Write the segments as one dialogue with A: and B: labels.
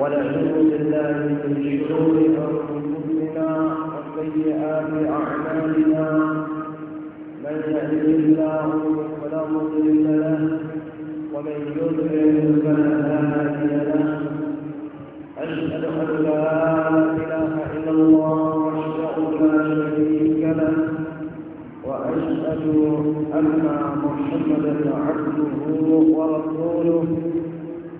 A: ونعوذ بالله من شرور انفسنا وسيئات اعمالنا من يهده الله فلا مضل له ومن يضلل فلا هادي له اشهد ان لا اله الا الله وحده لا شريك له واشهد ان محمدا عبده ورسوله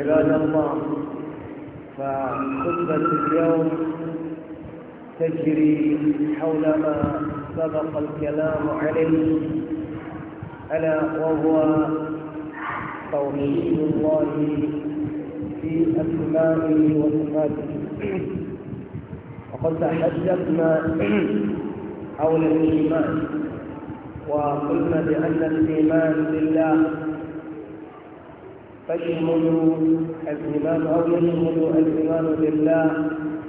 A: عباد الله فخطبة اليوم تجري حول ما سبق الكلام عليه ألا وهو توحيد الله في أسمائه وصفاته وقد تحدثنا حول الإيمان وقلنا بأن الإيمان بالله فاشملوا الايمان أو يشمل بالله لله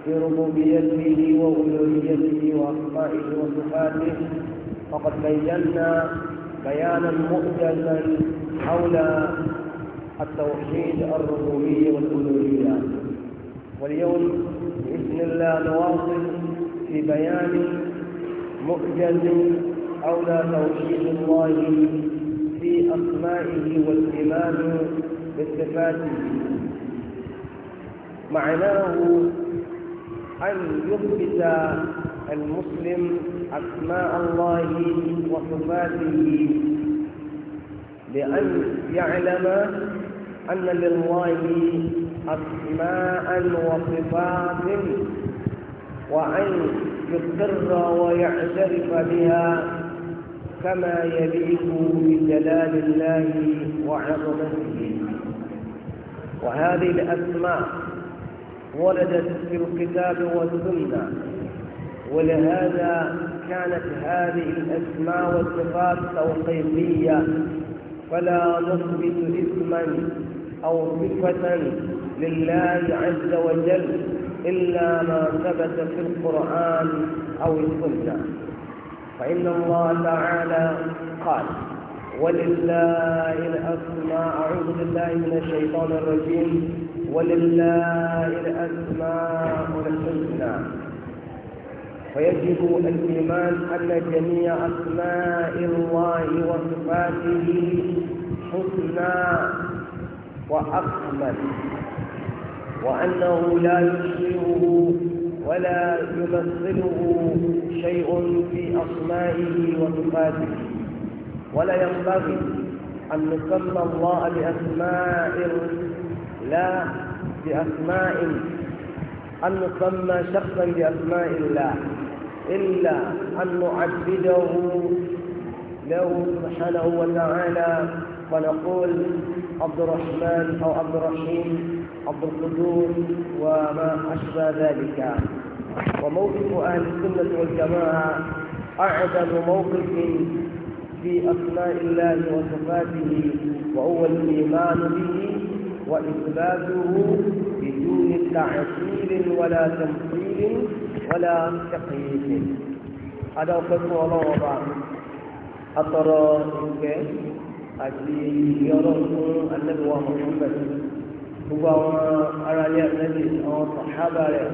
A: بربوبيته وألوهيته وأسمائه وصفاته فقد بينا بيانا مؤجلا حول التوحيد الربوبية والألوهية واليوم بإذن الله نواصل في بيان مؤجل حول توحيد الله في أسمائه والإيمان بصفاته معناه أن يثبت المسلم أسماء الله وصفاته لأن يعلم أن لله أسماء وصفات وأن يقر ويعترف بها كما يليق بجلال الله وعظمته وهذه الأسماء وردت في الكتاب والسنة ولهذا كانت هذه الأسماء والصفات توقيفية فلا نثبت اسما أو صفة لله عز وجل إلا ما ثبت في القرآن أو السنة فإن الله تعالى قال ولله الأسماء أعوذ بالله من الشيطان الرجيم ولله الأسماء الحسنى ويجب الإيمان أن جميع أسماء الله وصفاته حسنى وأكمل وأنه لا يشبهه ولا يمثله شيء في أسمائه وصفاته ولا ينبغي أن نسمى الله بأسماء لا بأسماء أن نسمى شخصا بأسماء الله إلا أن نعبده له سبحانه وتعالى فنقول عبد الرحمن أو عبد الرحيم عبد القدوس وما أشبه ذلك وموقف أهل السنة والجماعة أعظم موقف في أسماء الله وصفاته وهو الإيمان به وإثباته بدون تعطيل ولا تمثيل ولا تقييد هذا قسم الله وبعض أطرى إنك أجلي يرون النبي محمد gbogbo àwọn ará ilé àtẹ́lẹ̀ àwọn sàhábà rẹ̀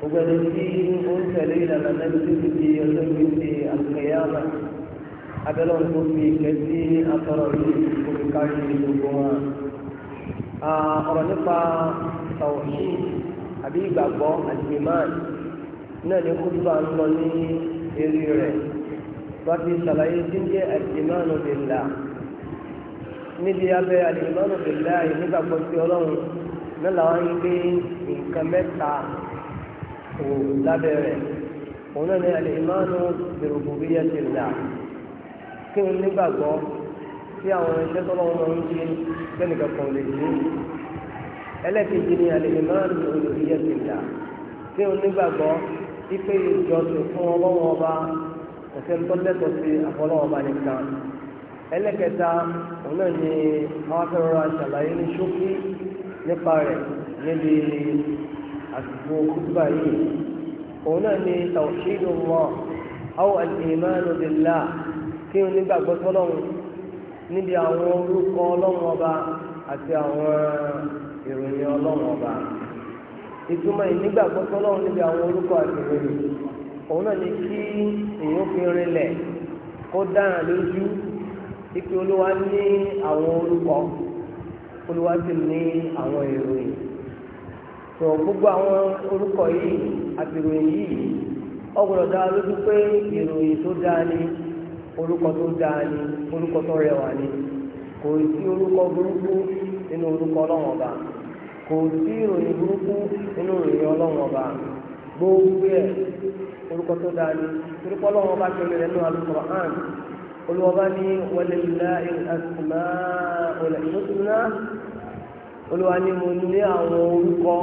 A: gbogbo ẹni tí ó ń tẹ̀lé abẹ́lẹ́ wọn tó fi ìfẹ́ sí atọ́rọ̀ yìí kó fi kárí gbogbo wọn. ọ̀rọ̀ nípa tàwọ̀sí àbí ìgbàgbọ́ àti ìmáàlì náà ni kúndùbà ń lọ ní eré rẹ̀ wọ́n ti ṣàlàyé tí ń jẹ́ àìsèmánu bìlá níbi abẹ́ àìsèmánu bìlá yìí nígbàgbọ́ sí ọlọ́run náà làwọn ń gbé nǹkan mẹ́ta òun lábẹ́ rẹ̀ òun náà ni àìsèmánu bìrùbùrù yẹn ti kí n nígbàgbọ́ sí àwọn iṣẹ́ tó lọ́wọ́ máa ń ṣe kẹ́nìkan kan lè ṣe ẹlẹ́kejì ni àlejò máa ń lò lórí ẹ̀sìn ìlà kí n nígbàgbọ́ ipe ìjọsìn fún ọlọ́wọ́ ọba ọ̀sẹ̀ ń tọ́lẹ́tọ̀ sí àfọlọ́wọ́ ọba nìkan ẹlẹ́kẹta òun náà ni àwọn akẹ́rọ̀rọ̀ àṣàlàyé ní ṣókí nípa rẹ̀ níbi àsìkò kútùbà yìí òun náà ni tawhidu Allah aw al-imanu billah kí o ní gbàgbọ́ sọ́lọ́run níbi àwọn orúkọ ọlọ́run ọba àti àwọn ìròyìn ọlọ́run ọba ìtumọ̀ ìnígbàgbọ́ sọ́lọ́run níbi àwọn orúkọ àti ìròyìn òun náà ni kí èèyàn fi rinlẹ̀ kó dára lójú ipe olúwa ní àwọn orúkọ olúwa sì ní àwọn ìròyìn tó gbogbo àwọn orúkọ yìí àti ìròyìn yìí ọgbọ́dọ̀ dára lójú pé ìròyìn tó dáa ni orúkọ tó dáa ni orúkọ tó rẹwà ni kò sí orúkọ burúkú nínú orúkọ ọlọ́run ọba kò sí ìròyìn burúkú nínú ìròyìn ọlọ́run ọba gbogbo ẹ̀ orúkọ tó dáa ni orúkọ ọlọ́run ọba tó lẹ̀ nínú Al-Qur'an olùwọ́ba ní walillahil asma'ul husna olùwà ni mo ní àwọn orúkọ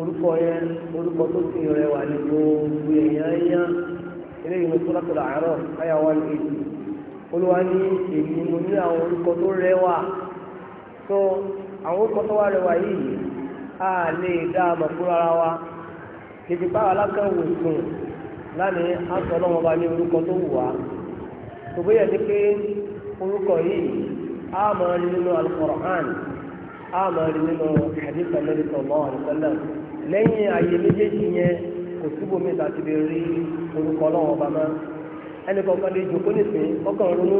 A: orúkọ yẹn orúkọ tó ti rẹwà ni gbogbo ẹ̀yà yẹn. eléyìí ní suratul A'raf àyà one eighty olúwa ní èyí mo ní àwọn orúkọ tó rẹwà tó àwọn orúkọ tó wà rẹwà yìí a lè dá a mọ̀ fúnra ara wa kìkì báwa sùn lánàá àtọ̀ ọlọ́wọ́n bá ní orúkọ tó wù wá tòbóyè ní pé orúkọ yìí a rí nínú a máa rí nínú hadith Ànábì lẹ́yìn àyè méjèèjì yẹn. kò síbò mi láti lè rí orúkọ ọlọ́wọ́n ọba mọ́ ẹnì kọ̀ọ̀kan lè jòkó nìsín ọkàn ronú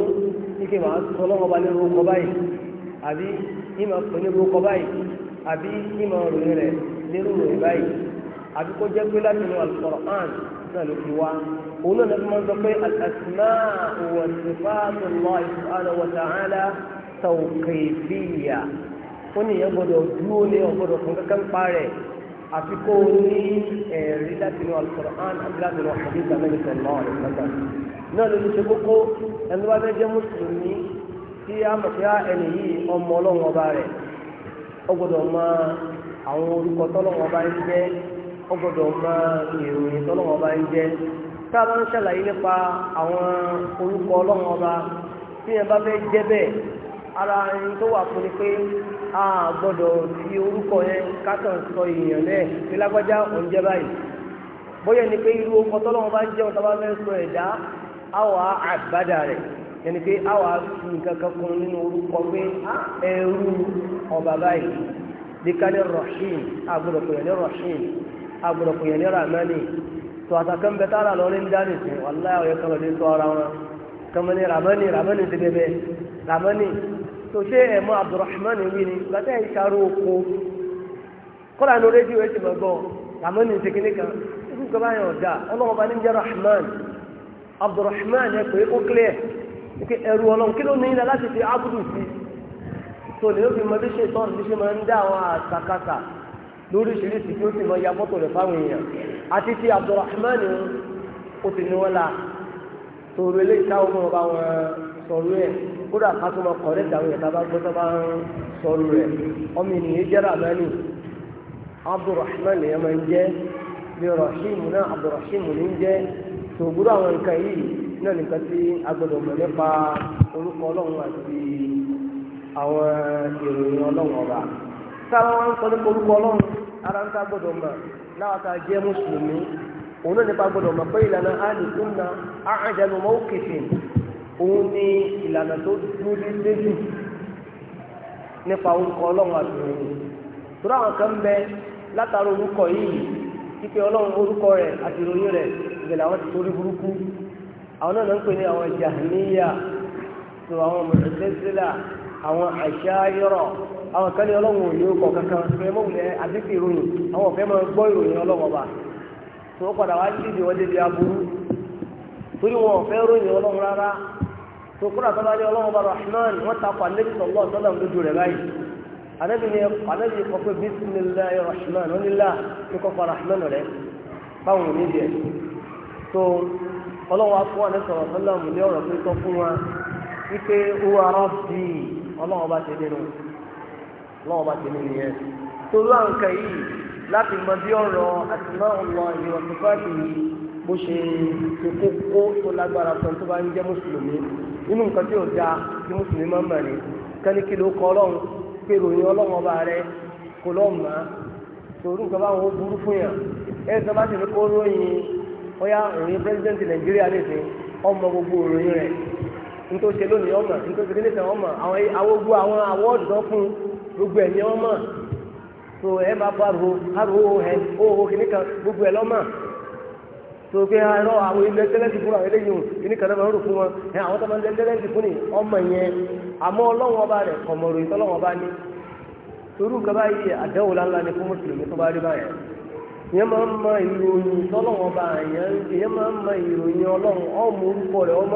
A: ike wàá sọ ọlọ́wọ́n ọba lè orúkọ báyìí àbí ìmọ̀ pè ní orúkọ báyìí àbí ìmọ̀ ròyìn rẹ̀ lérò ròyìn báyìí àbí kó jẹ́ pé láti inú Al-Qur'an náà ló fi wá òun náà lọ́dún máa ń sọ pé al-asma'u wa sifatu Allah àfi kó o ní ẹ̀rí láti lọ Al-Qur'an àti láti lọ hadith Ànábì sallallahu alaihi wasallam náà ló ti ṣe kókó ẹni wá fẹ́ jẹ́ mùsùlùmí tí a mọ̀ sí ẹni yìí ọmọ ọlọ́run ọba rẹ̀ ó gbọ́dọ̀ mọ àwọn orúkọ tọ́lọ́run ọba ń jẹ́ ó gbọ́dọ̀ mọ ìròyìn tọ́lọ́run ọba ń jẹ́ tá a bá ń ṣàlàyé nípa àwọn orúkọ ọlọ́run ọba tí ẹ bá fẹ́ jẹ́ bẹ́ẹ̀ ara ẹni tó wà fún ni pé a gbọ́dọ̀ fi orúkọ yẹn kátàn sọ èèyàn náà ní lágbájá oúnjẹ báyìí bóyá ni pé irú ọkọ tọ́lọ́wọ́n bá ń jẹun tó bá fẹ́ sọ ẹ̀dá a wà àgbàdà rẹ̀ ẹni pé a wà fi nǹkan kan kún nínú orúkọ pé ẹrú ọba báyìí díkálẹ̀ rọ̀ṣìn agbọ́dọ̀ pè é ní rọ̀ṣìn agbọ́dọ̀ pè é ní ramani to a takan bẹ tara lọrin dani sin wallahi o ye kamalin tọra wọn kamalin ramani ramani ti bẹ bẹ ramani tó ṣe ẹ̀mọ́ abdulrahman wí ni gbàtẹ́ ẹ̀ ṣàrò oko kọ́lá ní rédíò ẹ̀ ti mọ̀ gbọ́ làmọ́ ní ṣe kíní kan irú kan báyọ̀ ọ̀dà ọlọ́run bá ní jẹ́ rahman abdulrahman ẹ̀ pé ó clear pé ẹ̀rù ọlọ́run kí ló ní ilẹ̀ láti fi ábùdù sí tó lè ó fi mọ bí ṣe tán bí ṣe máa ń dá àwọn àṣàkáṣà lóríṣiríṣi tí ó sì mọ ya mọ́tò rẹ̀ fáwọn èèyàn àti ti abdulrahman ó ti ní wọn la tòrò eléyìí táwọn ọmọ ọba wọn sọ̀rọ̀ ẹ̀ kódà ká tó máa kọ̀rẹ́ dàwọn yẹn tábà gbọ́dọ̀ bá ń sọ̀rọ̀ rẹ̀ ọmọ ènìyàn jẹ́rà mẹ́ni abdulrahman ni ẹ̀ma ń jẹ́ bí rahim náà abdulrahim ni ń jẹ́ tòògùrọ̀ àwọn nǹkan yìí náà nìkan tí a gbọ́dọ̀ mọ̀ nípa orúkọ ọlọ́run àti àwọn ìròyìn ọlọ́run ọba sára wọn sọ nípa orúkọ ọlọ́run ara ń ká gbọ́dọ̀ mọ̀ láwàtà jẹ́ mùsùlùmí òun náà òun ni ìlànà tó dúró déédéé jù nípa orúkọ ọlọ́run àtìròyìn àwọn kan bẹ látara orúkọ yìí kíkẹ́ ọlọ́run orúkọ rẹ̀ àtìròyìn rẹ̀ ìgbẹ̀lẹ̀ àwọn ti torí burúkú àwọn náà ń pè ní àwọn jahmiya tó àwọn mọ̀tẹ́sílà àwọn àṣàyọ̀rọ̀ àwọn kan ní ọlọ́run ò ní orúkọ kankan fẹ́ mọ́wulẹ̀ àdékè ìròyìn àwọn ọ̀fẹ́ máa gbọ́ ìròyìn ọlọ́run ọba tó padà wá aburú torí wọn ọ̀fẹ́ ròyìn ọlọ́run sokura tó bá ní ọlọ́run bá rahman wọ́n ta kọ anabi sọ̀lọ́ sọ́lá lójú rẹ̀ báyìí anabi ni anabi kọ pé bisimilahi rahman onílà ní kọ́kọ́ rahman rẹ̀ báwọn ò ní bẹ̀ tó ọlọ́run wa fún sọ̀rọ̀ sọ́lá ní ọ̀rọ̀ pé sọ fún wa wípé wúwa rọ́ọ̀bì ọlọ́run bá ti nínú ọlọ́run bá ti nínú yẹn tó lọ́nkà yìí láti mọ bí ọ̀rọ̀ àtìmọ́ ọ̀lọ́ bó ṣe ṣe kókó tó lágbára sọ tó bá ń jẹ́ mùsùlùmí nínú nǹkan tí ò da tí mùsùlùmí máa ń mọ̀ ní kẹ́nìkì ló kọ ọlọ́run pé ròyìn ọlọ́run ọba rẹ kò lọ́ọ̀ mọ́ torí nǹkan báwọn ó burú fún yàn ẹ sọ bá ti ní kó ròyìn bóyá òyìn pírẹsidẹ́ǹtì nàìjíríà nìsín ọmọ gbogbo òròyìn rẹ̀ nítorí ṣe lónìí ọmọ nítorí ṣe nìkan ọmọ àwọn awogbó àwọn awọ́ọ̀dù tó fún gbogbo ẹ̀yìn ọmọ tó ẹ máa bá ro aro ẹ ó ho kìnnìkan gbogbo ẹ lọ́mọ tó fi hàn lọ àwọn ilé tẹ́lẹ̀tì fún àwọn eléyìí òun ní kàdé máa ń rò fún wọn ẹ àwọn tó máa ń fún ni ọmọ yẹn àmọ́ ọlọ́wọ́n ọba rẹ̀ kọ̀mọ̀rò ìtọ́lọ́wọ́n ọba ní torú kaba yìí àdéhùn lánlá ni fún mùsùlùmí tó bá rí báyẹn ìyẹn máa ń mọ ìròyìn tọ́lọ́wọ́n ọba yẹn ìyẹn máa ń mọ ìròyìn ọlọ́run ọmọ orúkọ rẹ̀ ọmọ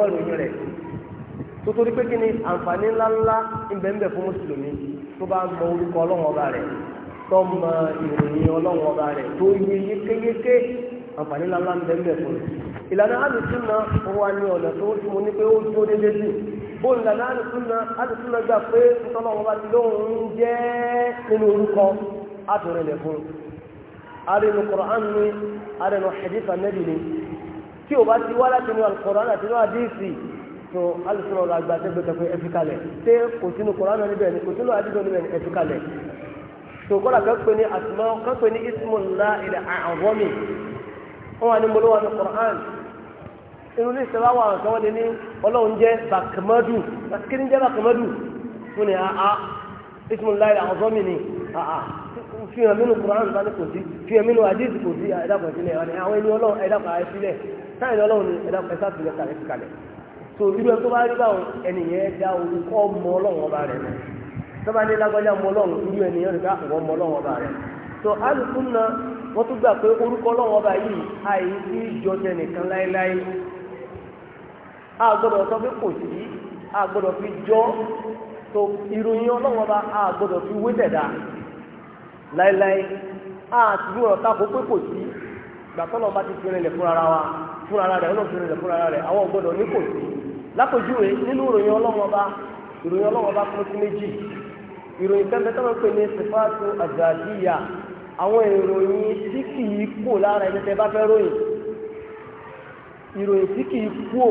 A: ìròyìn rẹ̀ ni àǹfààní ńláńlá ìbẹ̀ǹbẹ̀ fún mùsùlùmí tó bá mọ orúkọ ọlọ́run ọba rẹ̀ tó mọ àǹfààní ńláńlá ń bẹ ńbẹ fún ìlànà àdùsúnà wà ní ọ̀nà tó mo ní pé ó dúró déédé sí bó ìlànà àdùsúnà àdùsúnà gbà pé nítorí àwọn bá ti lóhùn ń jẹ́ nínú orúkọ àtúrẹ̀lẹ̀ fún arinu Qur'an ni arinu hadith anabi ni tí o bá ti wá láti inú al-Qur'an àti inú àdìsí tó àdùsúnà ọ̀rọ̀ àgbà tẹ́gbẹ́ tẹ́gbẹ́ ẹ̀fí kalẹ̀ tẹ́ kò sínú Qur'an níbẹ̀ ni kò sínú wọ́n wà ní mo ló wà ní Qur'an inú ilé ìṣẹ́ bá wà àwọn kan ní ọlọ́run jẹ́ bàkàmọ́dù kí ni jẹ́ bàkàmọ́dù fún ni àá ismullahi al-azam ni àá fi hàn mí nu Qur'an bá ní kò sí fi hàn mí nu hadith kò sí ẹ̀dàpọ̀ sílẹ̀ àwọn ẹni ọlọ́run ẹ̀dàpọ̀ àìsílẹ̀ táyìn ọlọ́run ni ẹ̀dàpọ̀ ẹ̀sà sílẹ̀ kàlẹ́ kàlẹ́ so irú ẹ tó bá rí báwọn ẹnìyẹn da orúkọ mọ ọlọ́run ọba rẹ̀ náà tọ́ba ní lágbájá mọ ọlọ́run irú ẹnìyẹn rẹ̀ ká wọ́n mọ ọlọ́run ọba rẹ̀ so alùpùpù náà wọ́n tún gbà pé orúkọ ọlọ́wọ́ ọba yìí àìsí ìjọsẹ̀ nìkan láéláé a gbọ́dọ̀ sọ pé kò sí a gbọ́dọ̀ fi jọ tó ìròyìn ọlọ́wọ́ ọba a gbọ́dọ̀ fi wé tẹ̀dá láéláé a ti bí ọ̀rọ̀ tako pé kò sí gbàtọ́nà ọba ti fi rinlẹ̀ fúnra wa fúnra rẹ̀ ọlọ́run fi rinlẹ̀ fúnra rẹ̀ àwọn gbọ́dọ̀ ní kò sí lápèjúwe nínú ìròyìn ọlọ́wọ́ ọba ìròyìn ọlọ́wọ́ ọba fún ti àwọn ìròyìn tí kì í kò lára ẹni tẹ́ bá fẹ́ ròyìn ìròyìn tí kì í kò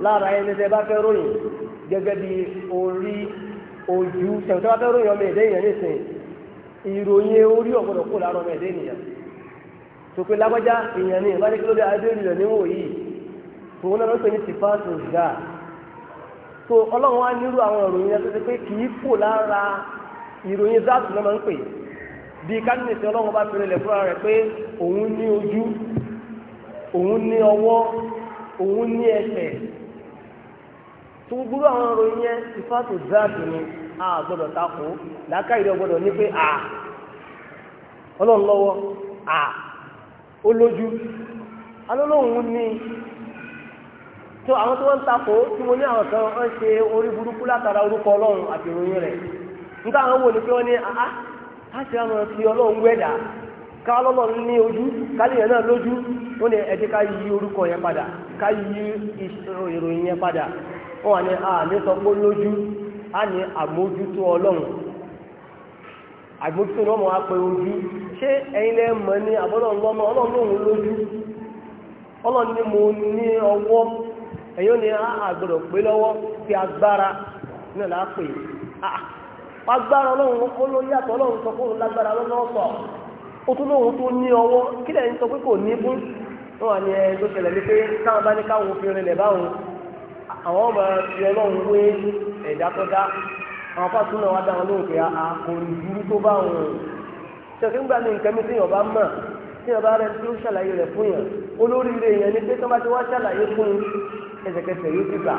A: lára ẹni bá fẹ́ ròyìn gẹ́gẹ́ bí orí ojú tẹ̀wọ́n tẹ́ bá fẹ́ ròyìn ọmọ ẹ̀dẹ́ ìyẹn nìsìn ìròyìn orí ọ̀gbọ́dọ̀ kò lára ọmọ ẹ̀dẹ́ ìyẹn lágbájá ìyẹn ni ìbá kí ló dé adé ní tó ọlọ́run nírú àwọn ìròyìn bí kábíyèsí ọlọ́run bá fẹ́rẹ̀ lẹ̀ fúnra rẹ̀ pé òun ní ojú òun ní ọwọ́ òun ní ẹsẹ̀ tó gbúrú àwọn ọ̀rọ̀ yẹn ni a gbọ́dọ̀ takò làákà ìdí ọgbọ́dọ̀ ní pé a ọlọ́run lọ́wọ́ a ó lójú alólóhùn ní tó àwọn tó ń takò tí mo ní àwọn kan ń ṣe orí burúkú látara orúkọ ọlọ́run àti ìròyìn rẹ̀ nígbà àwọn wò ni pé wọ́n a. láti àwọn fi ọlọ́run wẹ́dà ká lọ́lọ́run ní ojú káléèyàn náà lójú ó ní ẹ̀jẹ̀ ká yí orúkọ yẹn padà ká yí ìròyìn yẹn padà wọn a ní àmì lójú á ní àmójútó ọlọ́run àgbójútó lọ́mọ á pe ojú ṣé ẹ̀yin lẹ́ mọ̀ ní àbọ́lọ́run lọ́mọ ọlọ́run lòun lójú ọlọ́run mo ní ọwọ́ àgbọ̀dọ̀ pé lọ́wọ́ fi agbára náà lápè agbára ọlọ́run ó ló yàtọ̀ ọlọ́run sọ fóun lágbára lọ́wọ́ sọ ó tún lóun tó ní ọwọ́ kí lẹ́yìn sọ pé kò ní fún wọn wà ní ẹ ló ṣẹlẹ̀ ní pé bá ní káwọn fi báwọn a kò ní burú tó bá wọn ṣèkí ń gbà ní nǹkan mi téèyàn bá mọ̀ téèyàn bá rẹ ṣàlàyé fún yẹn ni pé tó bá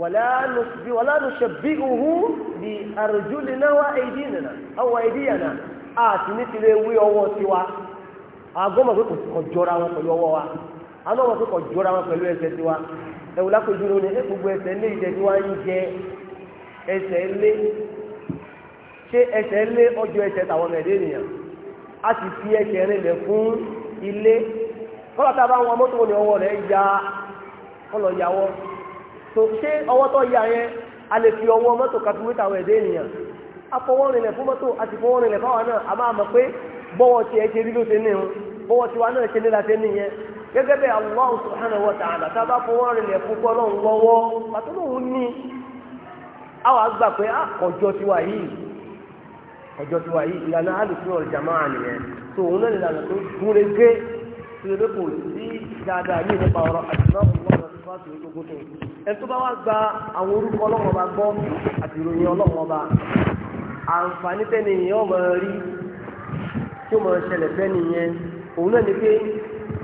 A: wàlá nùṣẹ̀bí òhú di àrùjúlẹ̀ náà wá èdè nìna àwọn èdè yànà àti ní tilẹ̀ wí ọwọ́ tiwa àgọ́mọ̀ pé kò jọra wọn pẹ̀lú ọwọ́ wa àgọ́mọ̀ pé kò jọra wọn pẹ̀lú ẹsẹ̀ tiwa ẹ̀wù lápẹ̀jú ló ní ẹ gbogbo ẹsẹ̀ lé ìjẹ́ tí wọ́n ń jẹ ẹsẹ̀ lé ṣé ẹsẹ̀ lé ọjọ́ ẹsẹ̀ tàwọn ọmọ ẹ̀dẹ́ nìyàn a sì fi ẹsẹ̀ rinlẹ̀ fún ilé kọ́lá tá a bá ń wọ mọ́tò ní ọwọ́ rẹ̀ ya kọ́lọ̀ yàwọ́ tó ṣé ọwọ́ tó yà yẹn a lè fi ọwọ́ mọ́tò kàfíwétà àwọn ẹ̀dẹ́ ènìyàn afọwọ́rinlẹ̀ fún mọ́tò àti fọwọ́rinlẹ̀ fáwọn náà a máa mọ̀ pé bọ́wọ́ ti ẹ ṣe rí ṣe ní bọ́wọ́ náà ṣe nílá ṣe nìyẹn gẹ́gẹ́ bẹ́ẹ̀ tá a bá fọwọ́rinlẹ̀ fún kọ́lọ́hún lọ́wọ́ pàtó ní àwọn àgbà pé ah, ọjọ́ tiwa yìí yìí ìlànà alùpùpù jàmáà nìyẹn ìrẹ́lẹ́ kò sí dáadáa ní nípa ọ̀rọ̀ àtìlọ́ ọlọ́run tó ẹ tó bá wá gba àwọn orúkọ gbọ́ àti ìròyìn àǹfààní tẹ́ni yẹn ọmọ rí tí ó mọ ṣẹlẹ̀ fẹ́ni yẹn òun náà ni pé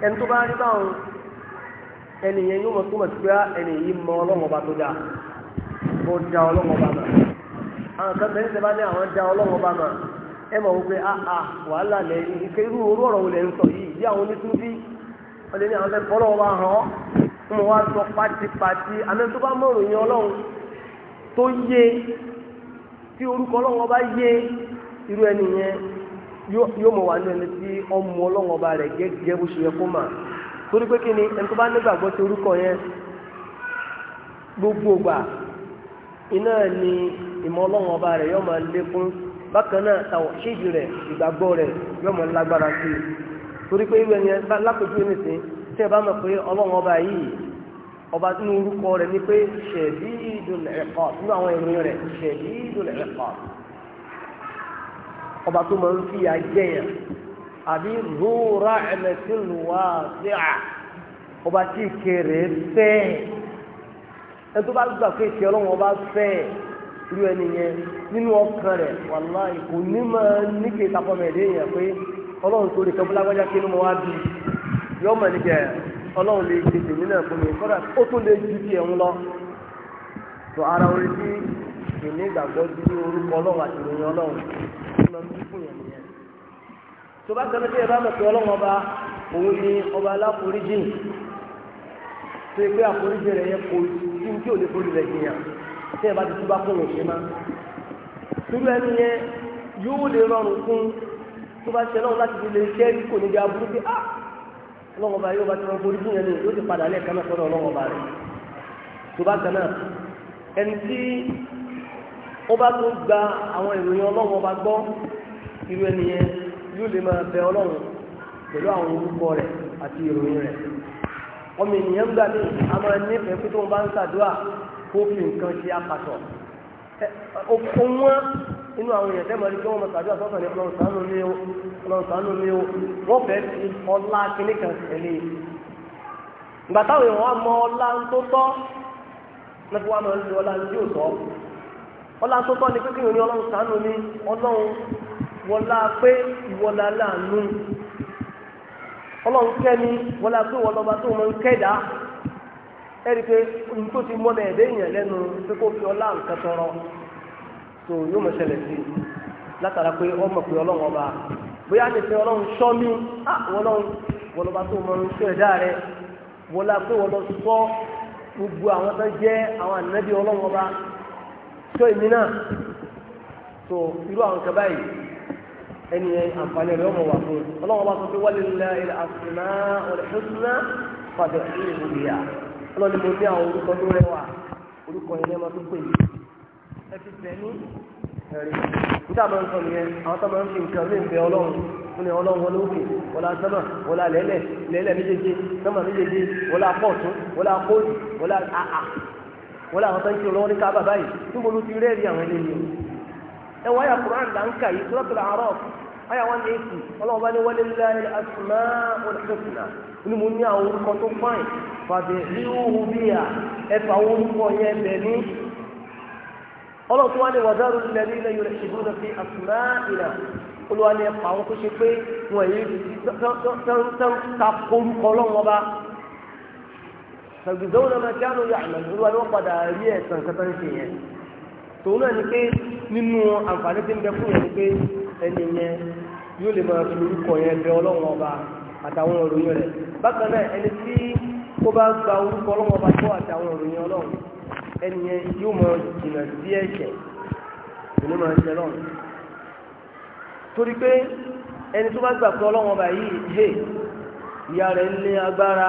A: ẹni tó bá rí báwọn ẹni mọ tó mọ̀ sí pé ẹni yìí ẹ mọ̀ wípé àà ah, ah, wàhálà lẹ ike irú orú ọ̀rọ̀ wo lẹ ń sọ yìí bí àwọn onítúbí wọ́n lè ní àwọn fẹ́ fọ́lọ́ wa hàn án mo wá sọ pátípátí àmì tó tí orúkọ ọlọ́run ọba yé irú ẹni yẹn yóò mọ̀ wá ní ẹni tí ọmọ ọlọ́run ọba rẹ̀ gẹ́gẹ́ bó ṣe yẹ kó mà torí pé kí ni ẹni tó bá gbogbo iná ìmọ̀ ọba rẹ̀ yóò máa lé fún bákan náà tàwọ̀ṣídìí rẹ̀ ìgbàgbọ́ rẹ̀ yóò mọ̀ lágbára sí i torí pé ìwé yẹn lápẹjú nìsín tí ẹ bá mọ̀ pé ọlọ́run ọba yìí ọba nínú orúkọ rẹ̀ ni pé ṣẹ̀bí ìdùnnà ẹ̀kọ́ nínú àwọn ìròyìn rẹ̀ ṣẹ̀bí ìdùnnà ẹ̀kọ́ ọba tó máa ń fìyà jẹyàn àbí rúra ẹ̀mẹ̀sìlùwà síà ọba tí ìkẹrẹ fẹ́ẹ̀ ẹ tó bá gbà pé ìkẹ ọlọ́run ọba fẹ́ẹ̀ irú ẹni yẹn nínú ọkàn rẹ̀ wàláhì kò ní máa níkè tapọ̀mẹ̀dé yẹn pé ọlọ́run tó lè kẹ́ bọ́lágbájá kí ló mọ wá bí ní níkẹ́ ọlọ́run lè tètè nínú ẹ̀kọ́ mi kọ́dà ó tún lè ju ẹ̀hún lọ tó ara orí tí orúkọ ọlọ́run àti ìròyìn ọlọ́run fún yẹn tó bá sọ pé bá mọ̀ pé ọlọ́run ọba òun ni ọba tẹ́ ẹ bá ti túbá kó lòun ṣe má torí ẹni yẹn yóò lè rọrùn fún tó bá ṣe lọ́wọ́ láti fi lè ṣẹ́ rí kò ní di aburú pé ah ọlọ́wọ́ bá yóò bá ti rán forí fún yẹn ni yóò ti padà lẹ́ẹ̀kan náà sọ́dọ̀ ọlọ́wọ́ bá rẹ̀ tó bá kan náà ẹni tí ó bá tó gba àwọn ìròyìn ọlọ́wọ́ bá gbọ́ irú ẹni yẹn yóò lè máa bẹ ọlọ́run pẹ̀lú àwọn orúkọ rẹ̀ àti ìròyìn rẹ̀ ọmọ ènìyàn gbà mí a máa nífẹ̀ẹ́ pé tó ń bá ń ṣàdúrà kó fi nǹkan ṣe apàtọ̀ okun wọn inú àwọn èèyàn tẹ́lẹ̀ ní kí wọ́n mọ sàdúrà sọ́kàn ní ọlọ́run o ọlọ́run ṣàánú fi ọlá kíní kan tẹ̀lé ìgbà táwọn èèyàn mọ ọlá tó wa máa ń lo ọlá tí ọlá tó ni pé kí ni wọlá pé ìwọlá láàánú ẹ̀rí pé ohun tó ti mọ́nà ẹ̀dẹ́ èèyàn lẹ́nu pé kó fi ọlá nǹkan tọrọ tó yóò mọ̀ ṣẹlẹ̀ sí i látara pé ọmọ pé ọlọ́run ọba bóyá lè fi ọlọ́run ṣọ́ mi ọlọ́run wọlọ́ba tó mọ orin tó ẹ̀dá rẹ wọlá pé wọlọ́ sọ gbogbo àwọn tó jẹ́ àwọn ànábì ọlọ́run ọba tó èmi náà tó irú àwọn kan báyìí ẹni àǹfààní rẹ ọmọ wà fún ọlọ́run ọba sọ pé walillahi al-asma'ul husna fad'uhu ọlọ́ni mo ní àwọn orúkọ tó rẹwà orúkọ yẹn lẹ́mọ tó pè mí ẹ ti bẹ̀ ní ẹ̀rí níta máa ń sọ nìyẹn àwọn tó máa ń fi nǹkan lé ìgbẹ́ ọlọ́run ó ní ọlọ́run wọlé òkè wọlé asọ́nà wọlé alẹ́lẹ̀ lẹ́lẹ̀ méjèèjì sọ́mà méjèèjì wọlé apọ́ọ̀tún wọlé apóòlì wọlé àhà wọlé àwọn tó ń kí olówó ní kábà báyìí tí mo lu ti rẹ́ẹ̀rí àwọn eléyìí ẹ̀wọ̀ ayà kúrán là ń kà yìí suratul A'raf àyà wọn ní èsì ọlọ́run bá ní wọlé láyé asùnmá olùkọ́sùnà ní mo ní àwọn orúkọ tó fáìn fàbẹ̀ rí òhun bí i à ẹ̀fà àwọn orúkọ yẹn bẹ̀ ní. ọlọ́run tó wá ní wàdárò lẹ́rí ilẹ̀ yorùbá ṣègùn náà fi asùnmá ìlà olúwa ní ẹ̀fà àwọn tó ṣe pé wọ́n yé ta ẹni yẹn yóò lè máa fi orúkọ yẹn bẹ ọlọ́run ọba àtàwọn òròyìn rẹ̀ bákan náà ẹni tí ó bá gba orúkọ ọlọ́run ọba tó àtàwọn òròyìn ọlọ́run ẹni yẹn yóò máa jìnnà sí ẹ̀ṣẹ̀ kò ní máa ṣe lọ́run torí pé ẹni tó bá gbà pé ọlọ́run ọba yìí hé ìyá rẹ̀ ní agbára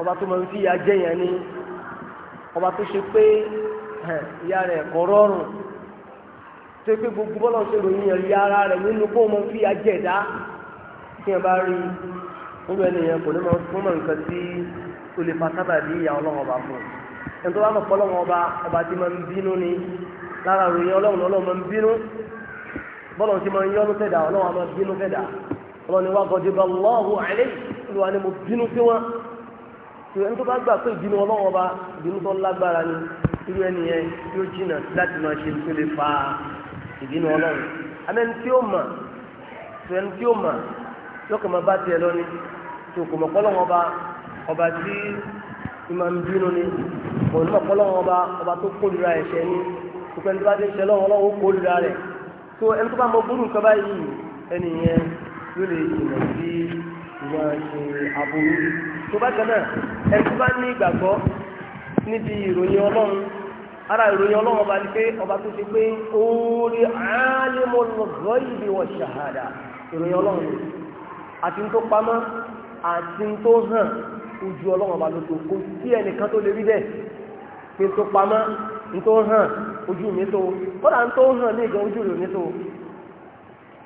A: ọba tó máa ń fi ìyá jẹ́yàn ni ọba tó ṣe pé ìyá rẹ̀ kọ́ rọ́rùn tó pé gbogbo bọ́lá ṣe ròyìn ẹ̀rí ara rẹ̀ nínú kó mọ fi àjẹ̀dá tí yẹn bá rí nínú ẹnìyẹn kò ní mọ fún mọ nǹkan tí o lè fa sábà bí ìyá ọlọ́run ọba fún ẹni tó bá mọ̀ pọ́ ọlọ́run ọba ọba tí máa ń bínú ni lára ròyìn ọlọ́run ọlọ́run máa ń bínú bọ́lá ti máa ń yọ́nú fẹ́dà ọlọ́run máa bínú fẹ́dà ọlọ́run ni wá bá lọ́ọ̀hún àlẹ́ ìlúwa mo bínú sí wọn ẹni tó bá gbà pé ìbínú ọlọ́run ọba ìbínú tó lágbára ni irú ẹnìyẹn yóò jìnnà láti máa ṣe tó fa ìbínú ọlọ́run amẹ́ni tí ó mà tẹni tí ó mà yóò kàn máa bá tiẹ̀ lọ ni tí o kò mọ̀ pọ́lọ́ wọn ba ọba tí ìmọ̀ ń bínú ni kò ní mọ̀ pọ́lọ́ wọn ba ọba tó kórìíra ẹ̀ṣẹ̀ ni gbogbo ẹni tó bá ti ṣe lọ́wọ́ ọlọ́wọ́ kórìíra rẹ̀ tó ẹni tó bá mọ búrú nǹkan báyìí ẹni yẹn yóò lè jìnà sí ìwà ṣe aburú tó bá kan náà ẹni tó bá ní ìgbàgbọ́ níbi ìròyìn ọlọ́run ara ìròyìn ọlọ́run ọba ni pé ọba tó ṣe pé orí alimọlọgọ ìdí wọ ṣàhádà ìròyìn ọlọ́run ni àti tó pamọ́ àti tó hàn ojú ọlọ́run ọba lóṣù kò sí ẹnìkan tó lè rí bẹ́ẹ̀ pé tó pamọ́ hàn ojú mi tó kódà hàn ní ìgbà ojú mi tó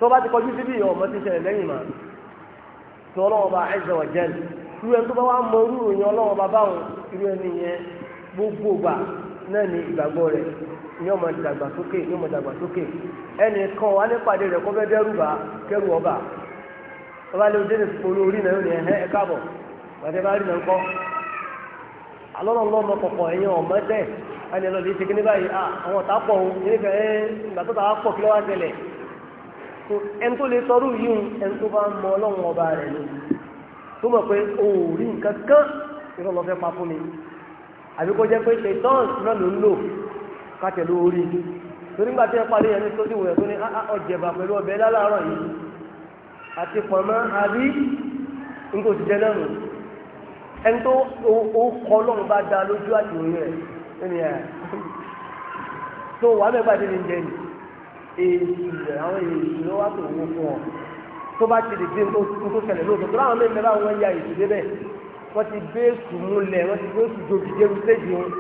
A: tó bá ti kọjú ọmọ ti ṣẹlẹ̀ lẹ́yìn mà tó ọba ẹni bá wà mọ irú ìròyìn ọlọ́run ọba báwọn ẹni gbogbo gbà náà ni ìgbàgbọ́ rẹ̀ ni ọmọ ìdàgbàsókè ni ọmọ ìdàgbàsókè ẹnì kan wà nípàdé rẹ̀ kọ́ fẹ́ kẹrù ọba ọba lè dé ìfowó orí náà ní ẹ̀hẹ́ ẹ̀ka bọ̀ bàtẹ́ bá rí náà kọ́ alọ́lọ́lọ́ ọmọ kọ̀kọ̀ ẹ̀yìn ọmọ di àwọn ọ̀tá pọ̀ òun ni tó mọ̀ pé òòrí nǹkan àbí kó jẹ́ pé ṣe tán náà ló ń lò kátẹ̀lú orí torí gbà tí ẹ parí ẹni tó níwòye tó ní ah, ah, ọjẹ̀bà pẹ̀lú ọbẹ̀ lálàárọ̀ yìí àti pọ̀nmọ́ àbí nǹkan òṣìṣẹ́ náà nù ẹni tó ó kọ́ lọ́run bá da lójú àti òun rẹ̀ ẹni ẹ̀ tó wà mẹ́fà tí ní jẹ́ ni èyí rẹ̀ àwọn èyí ló wá tó wọ́n fún ọ tó bá ti dìde nǹkan tó ṣẹlẹ̀ lóòótọ́ tó láwọn mẹ́fà wọn ya èyí débẹ̀ wọ́n ti béèsù múlẹ̀ wọ́n ti béèsù jòbí dé wíṣẹ́jì wọn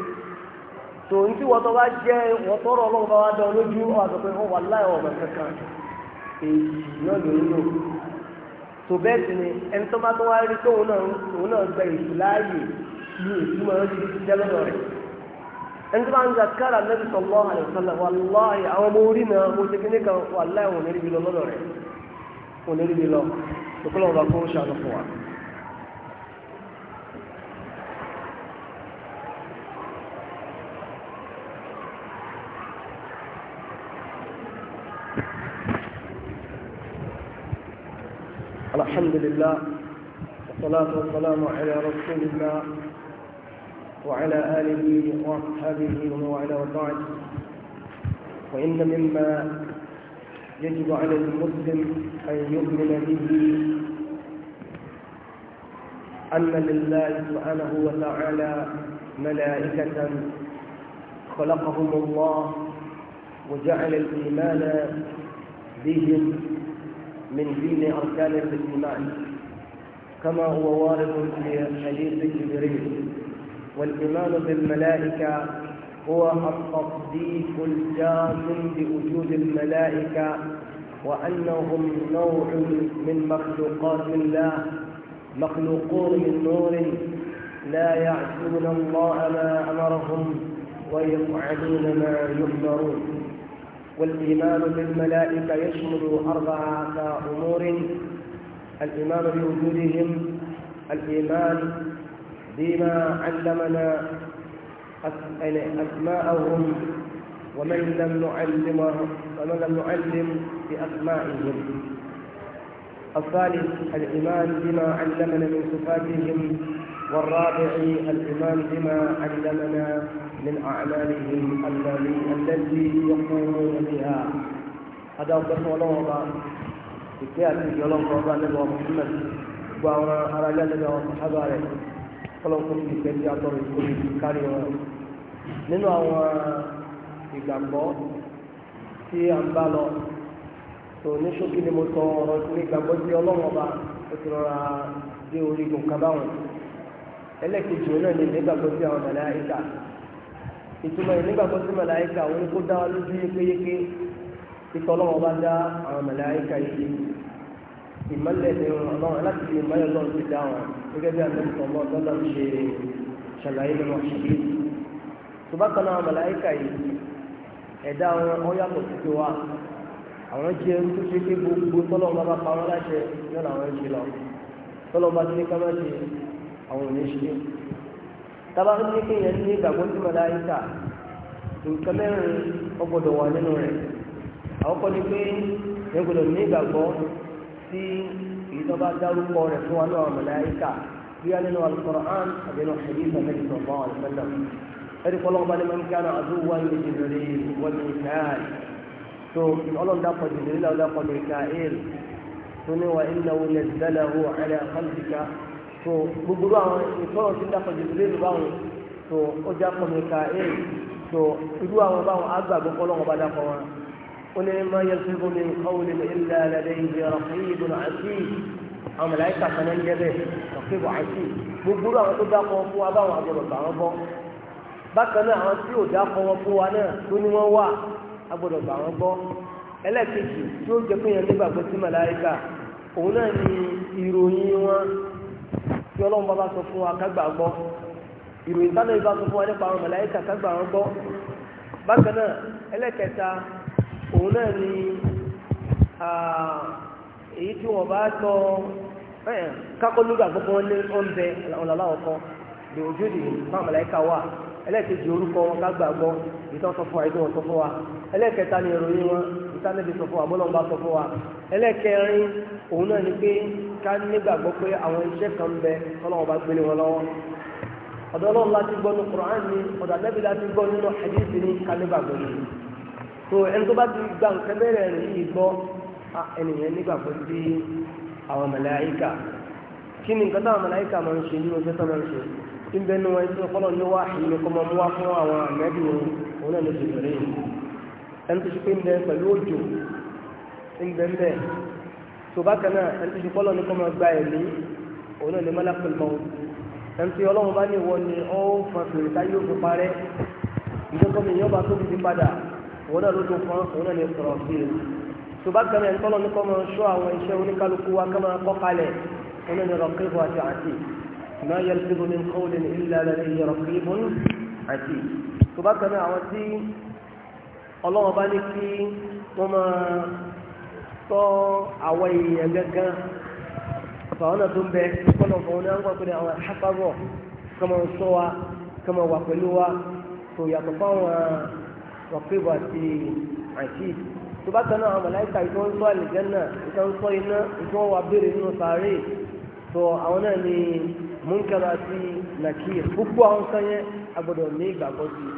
A: tó ní tí wọ́n tó bá jẹ́ wọ́n tọrọ ọlọ́run bá wá dán lójú ọ̀ àti pé wọ́n wà láì ọ̀rọ̀ kankan èyí náà ló ń lò tó bẹ́ẹ̀ sì ni ẹni tó bá tó wá rí tóun náà òun náà gba èyí láàyè ní èyí máa ń fi jẹ́ lọ́dọ̀ rẹ̀ ẹni tó bá ń zakara nabi sallallahu alaihi wasallam wàláì àwọn ọmọ orí náà الحمد لله والصلاة والسلام على رسول الله وعلى آله وأصحابه ومن والاه وبعد وإن مما يجب على المسلم أن يؤمن به أن لله سبحانه وتعالى ملائكة خلقهم الله وجعل الإيمان بهم من بين أركان الإيمان كما هو وارد في حديث جبريل والإيمان بالملائكة هو التصديق الجام بوجود الملائكة وأنهم نوع من مخلوقات الله مخلوقون من نور لا يعصون الله ما أمرهم ويفعلون ما يؤمرون والإيمان بالملائكة يشمل أربعة أمور الإيمان بوجودهم الإيمان بما علمنا يعني أسماءهم ومن لم نعلم ومن لم نعلم بأسمائهم الثالث الإيمان بما علمنا من صفاتهم والرابع الإيمان بما علمنا من أعمالهم التي يقومون بها هذا أصدق الله ìkéyàtì ọlọ́nkọ ọba nígbà Muhammad gbogbo àwọn ará ilé nígbà wọn sábà rẹ kọlọ́nkọ fi ìfẹ́ tí a tọrọ ìkórè kárí wọn. nínú àwọn ìgbàgbọ́ tí a ń bá lọ tó ní ṣókí ni mo sọ ọ̀rọ̀ ní ìgbàgbọ́ tí ọlọ́wọ́n ọba ó ti rọra dé orígun kábàwọn. ẹlẹ́kejì náà ni nígbàgbọ́ sí àwọn màláíkà ìtumọ̀ yìí nígbàgbọ́ sí màláíkà òun kó dá lójú yékéyéké ìtọ́lọ́wọ́ bá dá àwọn màláíkà yìí ìmọ̀lẹ̀ ní ọlọ́run láti fi ìmọ̀lẹ̀ ọlọ́run ti dá wọn gẹ́gẹ́ bí àti ìtọ́lọ́ ṣe ṣàlàyé nínú yìí ẹ̀dá wọn yàtọ̀ àwọn jẹ́ pé gbogbo tọ́lọ́ bá pa wọn láṣẹ àwọn oníṣẹ́ tábà ń ní kéèyàn ní ìgbàgbọ́ sí màláìkà nǹkan mẹ́rin ó gbọ́dọ̀ wà nínú rẹ̀ àkọ́kọ́ ni pé ẹ gbọ́dọ̀ ní ìgbàgbọ́ sí ìjọba dárúkọ rẹ̀ fún wa náà màláìkà bí a nínú alukoran àbí nínú hadith àbẹ́lẹ̀ sọ̀bọ̀ àlùfẹ́lẹ̀ ẹ̀rí kọ́lọ́ bá ní máa ń kára àdúgbò ní ìjìnlẹ̀ wọ́n ní káàlì tó ọlọ́run dápọ̀ ìjìnlẹ̀ dápọ̀ ní káàlì tó ní wa ìnáwó lẹ́sẹ̀ so gbogbo àwọn ìtọ́rọ̀ tí ń dàpọ̀ jù lé ìlú báwọn tó ó já pọ̀ mi ka ẹ̀ so irú àwọn báwọn agbàgbọ́ kọ́ bá dàpọ̀ wọn. ó ní ma yẹ kí gómìn kọ́wé ní ilẹ̀ alẹ́ ìdí ọ̀rọ̀ fún yìí bùnà àti àwọn mẹ̀láìkà kan ń jẹ́ ọ̀kẹ́ bọ̀ àti gbogbo àwọn tó dàpọ̀ fún wa báwọn agbọ̀dọ̀ gbà wọ́n gbọ́. bákan náà àwọn tí tí ọlọ́run bá bá sọ fún wa kágbà gbọ́ ìròyìn tánà ìbá sọ fún wa nípa àwọn màláíkà kágbà wọn gbọ́ bákan náà ẹlẹ́kẹta òun náà ni èyí tí wọ́n bá sọ kákọ́lù gbàgbọ́ fún wọn ní oúnjẹ ọ̀làláwọ̀ kan ojú ìdí fún wà ẹlẹ́kẹjì orúkọ kágbà gbọ́ ìtọ́sọ fún wa ìdí sọ fún wa ẹlẹ́kẹta ni ìròyìn wọn tánàbí sọ fún wa bọ́lá ọba sọ fún wa ẹlẹ́kẹrin òun náà ni pé ká nígbàgbọ́ pé àwọn iṣẹ́ kan bẹ ọlọ́run ọba gbélé wọn lọ́wọ́ ọ̀dọ̀ ọlọ́run láti gbọ́ ní Qur'an ni ọ̀dọ̀ anábì láti gbọ́ nínú ni ká nígbàgbọ́ yìí tó ẹni tó bá ti gba nǹkan bẹ́rẹ̀ rẹ̀ yìí gbọ́ ẹnìyẹn nígbàgbọ́ sí àwọn kí ni nǹkan táwọn máa ń ṣe nínú máa ń ṣe ń bẹ́ẹ̀ ni ni ẹni tó ṣe pé ń bẹ pẹ̀lú òjò ń bẹ mbẹ tó bá kan náà ẹni tó ṣe kọ́lọ́ ní kọ́ máa gba ẹ̀mí òun náà ní mọ́lá pẹ̀lú mọ́ ẹni tó ọlọ́run bá ní ìwọ ni ó fa fèrè táyé ó fi parẹ́ ìjọkọ́ mi ìyọ́ba tó fi padà òun náà ló dún fún òun náà ní sọ̀rọ̀ sí i tó bá kan náà ẹni kọ́lọ́ ní kọ́ máa àwọn iṣẹ́ oníkálukú wa ká máa kọ́ òun náà ní rọ̀kẹ́bù àti àti ìmọ̀ ayélujára ọlọ́wọ́n bá ní kí wọ́n máa tọ́ àwọ̀ èèyàn gángan fàwọn tó ń bẹ kọ́nà fọwọ́n náà ń wà àwọn àpapọ̀ sọ wa kọ́mọ wà pẹ̀lú wa tó yàtọ̀ fáwọn rọ̀pẹ́bù àti àìsí tó bá tán àwọn mọ̀láìkà ìtọ́ ń sọ àlìjẹ́nà ìtọ́ ń sọ iná ìtọ́ wà nínú sàárè tó àwọn náà ni múnkẹ́rọ àti nàkíyè gbogbo àwọn yẹn agbọ́dọ̀ ní ìgbàgbọ́ sí i.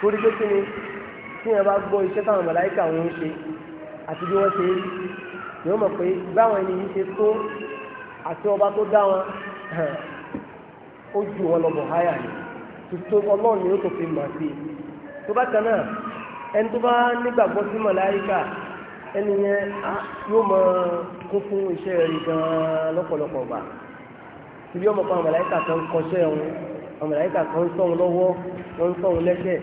A: torí pé kíni tí wọn bá gbọ́ iṣẹ́ táwọn mọ̀láìkà wọn ń ṣe àti bí wọ́n ṣe rí ni wọ́n mọ̀ pé báwọn ẹni yìí ṣe tó àti ọba tó dá wọn ó ju wọn lọ bọ̀ háyà ni tuntun ọlọ́run ni ó tó fi mọ̀ sí i tó bá kan náà ẹni tó bá nígbàgbọ́ sí mọ̀láìkà ẹni yẹn yóò mọ kún fún iṣẹ́ rẹ̀ gan-an lọ́pọ̀lọpọ̀ gbà síbi ọmọ kan mọ̀láìkà kan wọn ọmọ ìlànà kan ń sọ̀rọ̀ lọ́wọ́ wọ́n ń sọ̀rọ̀ lẹ́sẹ̀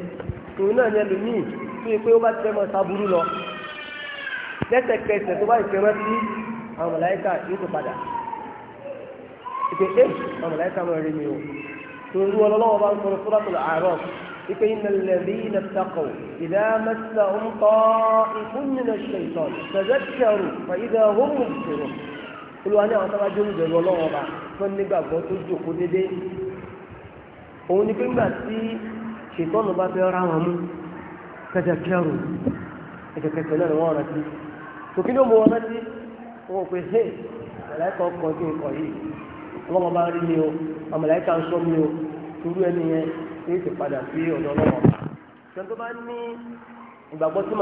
A: tòun náà ní ẹlòmíì tó yẹ pé ó bá ti fẹ́ mọ́ sábúrú lọ lẹ́sẹ̀kẹsẹ̀ tó bá ìfẹ́ rántí àwọn mọ̀láyíkà yóò tó padà ìpè é àwọn mọ̀ rí mi o torí wọn lọ́wọ́ bá ń sọ̀rọ̀ suratul A'raf ìpè innal ladhina ittaqaw idha massahum ta'ifun minash shaytan tadhakkaru fa idha hum mubsirun olùwà òun ni pé ńgbà tí ṣètọ́nù bá fẹ́ ra wọn mú kẹtẹkẹrù kẹtẹkẹtẹ náà ni wọ́n rántí tòkí wọn rántí wọn ò pé ọkọ̀ tí ń mi o màláìka ń sọ mi o irú ẹni yẹn ní ti padà sí ọ̀dọ̀ ọlọ́wọ́ ṣùgbọ́n tó bá ní ìgbàgbọ́ sí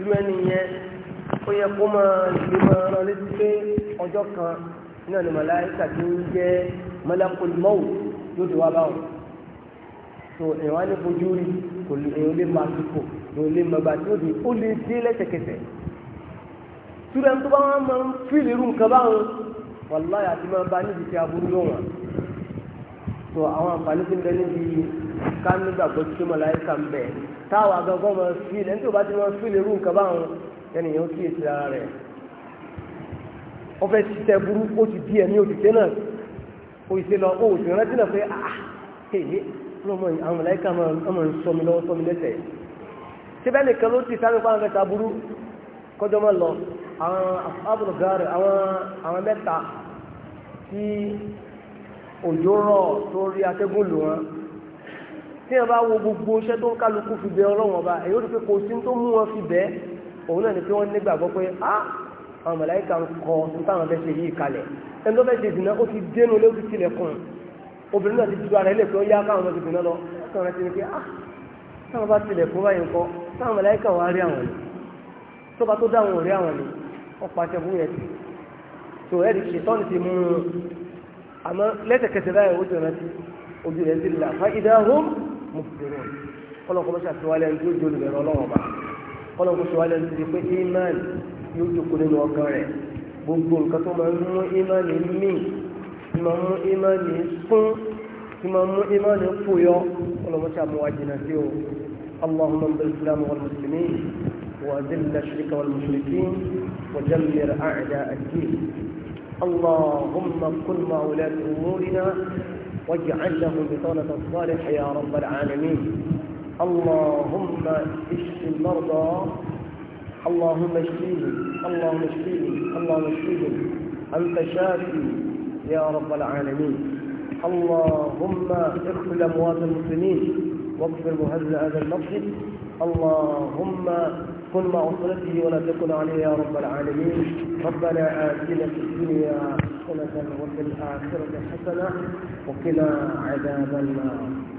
A: irú ẹni yẹn ó yẹ kó máa lè máa rán létí pé ọjọ́ kan náà ni màláìka ti ń jẹ́ yóò ti wá báwọn so ẹ̀wọ̀n á lè fojú rí kò lè èèyàn lè máa dúpọ̀ kò lè mọ ìgbà tí ó di ó lè dé lẹ́sẹ̀kẹsẹ̀ túrẹ̀ tó bá wọn máa ń fìlì irú nǹkan báwọn wàláyé àti máa bá níbi tí aburú ló wọn so àwọn àǹfààní ti ń bẹ níbi ká nígbàgbọ́ tí mo láyé kà ń bẹ̀ táwọn agangan máa fìlì ẹni tó bá ti máa fìlì irú nǹkan báwọn ẹnìyàn kíyèsí ara rẹ̀ wọ́n fẹ́ ṣiṣẹ́ ó ti di ẹ̀mí òṣìṣẹ́ náà òyìnbó lọ ó sì rántí pé ah èyí lọ́mọ àwọn mọ̀láìkà ọmọ ń sọmi lọ́wọ́ sọmi lẹ́sẹ̀ síbẹ̀ nìkan ló ti sáré fún àwọn kẹta burú kọjọ́ mọ́ lọ àwọn abúlùgárì àwọn mẹ́ta tí òjò rọ̀ tó rí atẹ́gùn lò wọn tí wọn bá wo gbogbo iṣẹ́ tó ń kálukú fi bẹ ọlọ́wọ́n ọba èyí ah àwọn màláíkà ń kọ nítawọn fẹ́ ṣe yìí kalẹ̀ ẹni tó fẹ́ ṣe ìdìnnà ó ti dénú lé ó ti tilẹ̀ kùn obìnrin náà ti ju ara ẹ̀ lẹ́pẹ́ ó yá káwọn ọmọ ìdìnnà lọ ọkàn rẹ ti ní pé ah táwọn bá tilẹ̀ kún báyìí ńkọ táwọn màláíkà wà á rí àwọn ni tó bá tó dá àwọn òrí àwọn ni wọ́n pa aṣọ fún yẹn ti tó ẹ̀rí ṣètọ́ni ti mú un àmọ́ lẹ́sẹ̀kẹsẹ̀ báyìí ó ti yóò jókòó nínú gbogbo nǹkan tó máa mú ìmánì mí tí máa mú ìmánì kún tí máa mú ìmánì fòyọ ọlọ́mọṣà mú wa sí o اللهم انصر الاسلام والمسلمين واذل الشرك والمشركين ودمر اعداء الدين اللهم كن مع ولاة امورنا واجعل لهم بطانة صالحة يا رب العالمين اللهم اشف المرضى اللهم اشفيهم اللهم اشفيهم اللهم اشفيهم أنت شافي يا رب العالمين اللهم اغفر أموات المسلمين واغفر مهزل هذا المسجد اللهم كن مع أسرته ولا تكن عليه يا رب العالمين ربنا آتنا في الدنيا حسنة وفي الآخرة حسنة وقنا عذاب النار